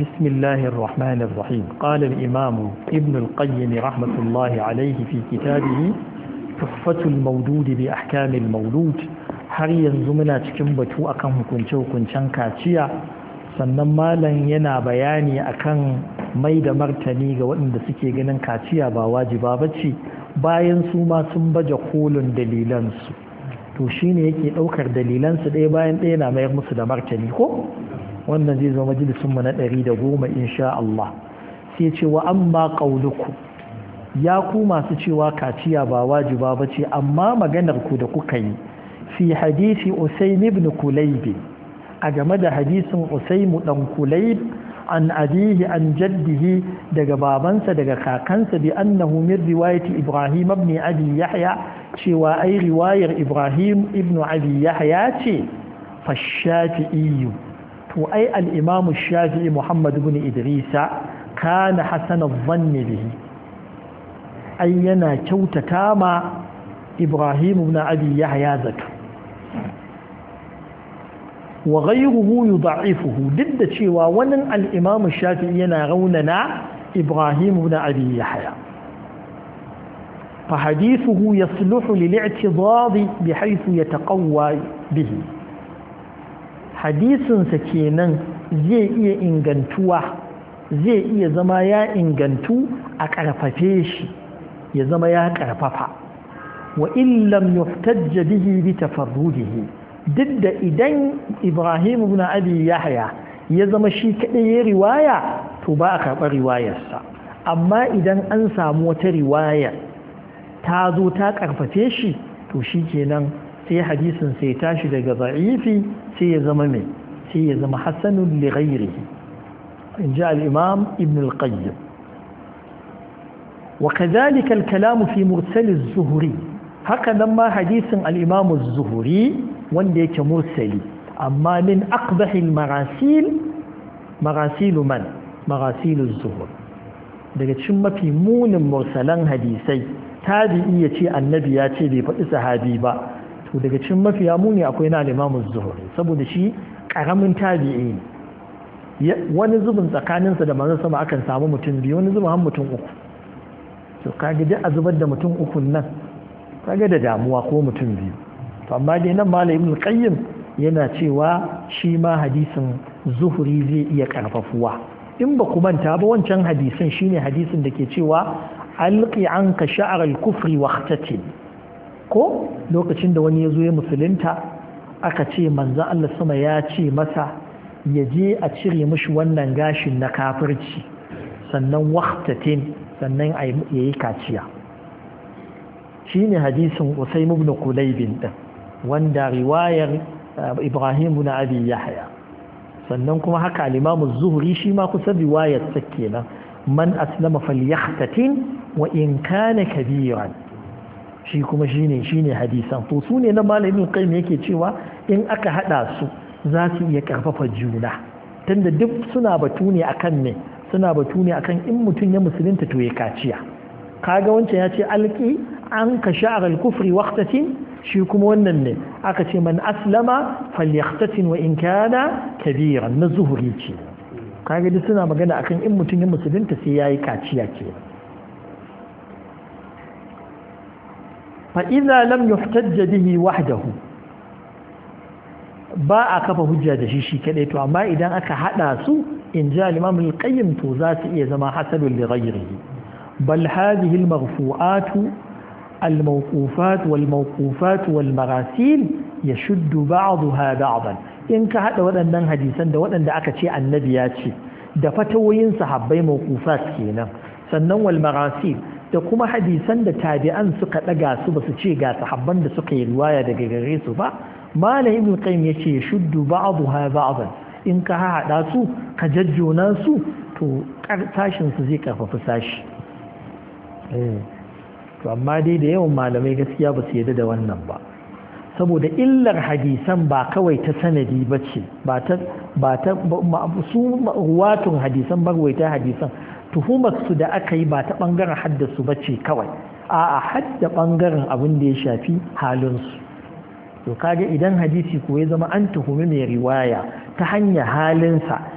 بسم الله الرحمن الرحيم قال الإمام ابن القيم رحمة الله عليه في كتابه تحفة المولود بأحكام المولود har yanzu muna cikin batu akan hukunce-hukuncen kaciya sannan malam yana bayani akan mai da martani ga waɗanda suke ganin kaciya ba wajiba ba ce bayan su ma sun baje kolin dalilansu to shine yake ɗaukar dalilansu ɗaya bayan ɗaya na mayar musu da martani ko wannan zai zama majalisun mu ɗari da goma insha Allah sai ce wa amma qauluku ya ku masu cewa kaciya ba wajiba ba ce amma maganar ku da kuka yi fi hadisi Usaym ibn Kulayb a game da hadisin Usaym dan kulaib an abihi an jaddihi daga babansa daga kakansa bi annahu min riwayati Ibrahim ibn Abi Yahya cewa ai riwayar Ibrahim ibn Abi Yahya ce fa to ai al'imamu shafi'i muhammad bin idrisa kana hasana zanni bihi ai yana kyautata ma ibrahim ibn abi yahya zato wa ghayruhu yudha'ifuhu duk da cewa wannan al'imamu shafi'i yana raunana ibrahim ibn abi yahya فحديثه يصلح للاعتضاض بحيث يتقوى به hadisinsa kenan zai iya ingantuwa zai iya zama ya ingantu a ƙarfafe shi ya zama ya ƙarfafa wa illam yuftajja bihi bi tafarrudihi duk da idan Ibrahim ibn Abi Yahya ya zama shi kaɗai ya riwaya to ba a karɓar riwayarsa amma idan an samu wata riwaya ta zo ta ƙarfafe shi to shi kenan sai hadisin sai tashi daga za'ifi sai ya zama mai sai ya zama hasanun li ghairihi in ji al ibn al-qayyim wa kadhalika al-kalam fi mursal az-zuhri haka nan ma hadisin al-imam az-zuhri wanda yake mursali amma min aqbah al-marasil marasil man marasil az daga cikin mafi munin mursalan hadisai tabi'i ya ce annabi ya ce bai faɗi sahabi ba to daga cikin mafiya muni akwai na limamu zuhuri saboda shi karamin tabi'i ne wani zubin tsakaninsa da manzon sama akan samu mutum biyu wani zubin har mutum uku to kage duk a zubar da mutum uku nan kage da damuwa ko mutum biyu to amma dai nan malam ibn qayyim yana cewa shi ma hadisin zuhuri zai iya karfafuwa in ba ku manta ba wancan hadisin shine hadisin da ke cewa alqi anka sha'ar al-kufri waqtatin ko lokacin da wani ya zo ya musulunta aka ce manzan Allah sama ya ce masa ya je a cire mishi wannan gashin na kafirci sannan waktatin sannan ya yi kaciya shi ne hadisin usaim ibn kulaibin din wanda riwayar uh, ibrahim na abi yahya sannan kuma haka limamu zuhuri shi ma kusa riwayar sa kenan man aslama falyahtatin wa in kana kabiran shi kuma shine ne hadisan to su ne na malamin qayyim yake cewa in aka hada su za su iya karfafa juna tunda duk suna batu ne akan ne suna batu ne akan in mutum ya musulunta to ya kaciya kaga wancan ya ce alki an ka sha'ar kufri waqtatin shi kuma wannan ne aka ce man aslama falyaqtatin wa in kana kabiran na zuhuri ce kaga duk suna magana akan in mutum ya musulunta sai yayi kaciya ke. fa'iza lam yuhtajja bihi wahdahu ba a kafa hujja da shi shi kaɗai to amma idan aka haɗa su in ji alimamul qayyim to za su iya zama hasadun li ghayrihi bal hadhihi al marfu'atu al mawqufat wal mawqufat wal marasil yashuddu ba'daha ba'dan in ka haɗa waɗannan hadisan da waɗanda aka ce annabi ya ce da fatawoyin sahabbai mawqufat kenan sannan wal marasil da kuma hadisan da tabi'an suka ɗaga su ba su ce ga sahabban da suka yi ruwaya daga gare su ba malam ibn qayyim yace shuddu ba ba'dan in ka haɗa su ka jajjona su to tashin su zai karfafi sashi eh, to amma dai da yawan malamai gaskiya ba su yadda da wannan ba saboda illar hadisan ba kawai ta sanadi ba ce ba ta su ruwatun hadisan ta hadisan Tuhumar su da aka yi ba ta ɓangaren haddasu ba ce kawai a'a hadda ɓangaren abin da ya shafi halinsu to kaga idan hadisi ko ya zama an tuhumi mai riwaya ta hanyar halinsa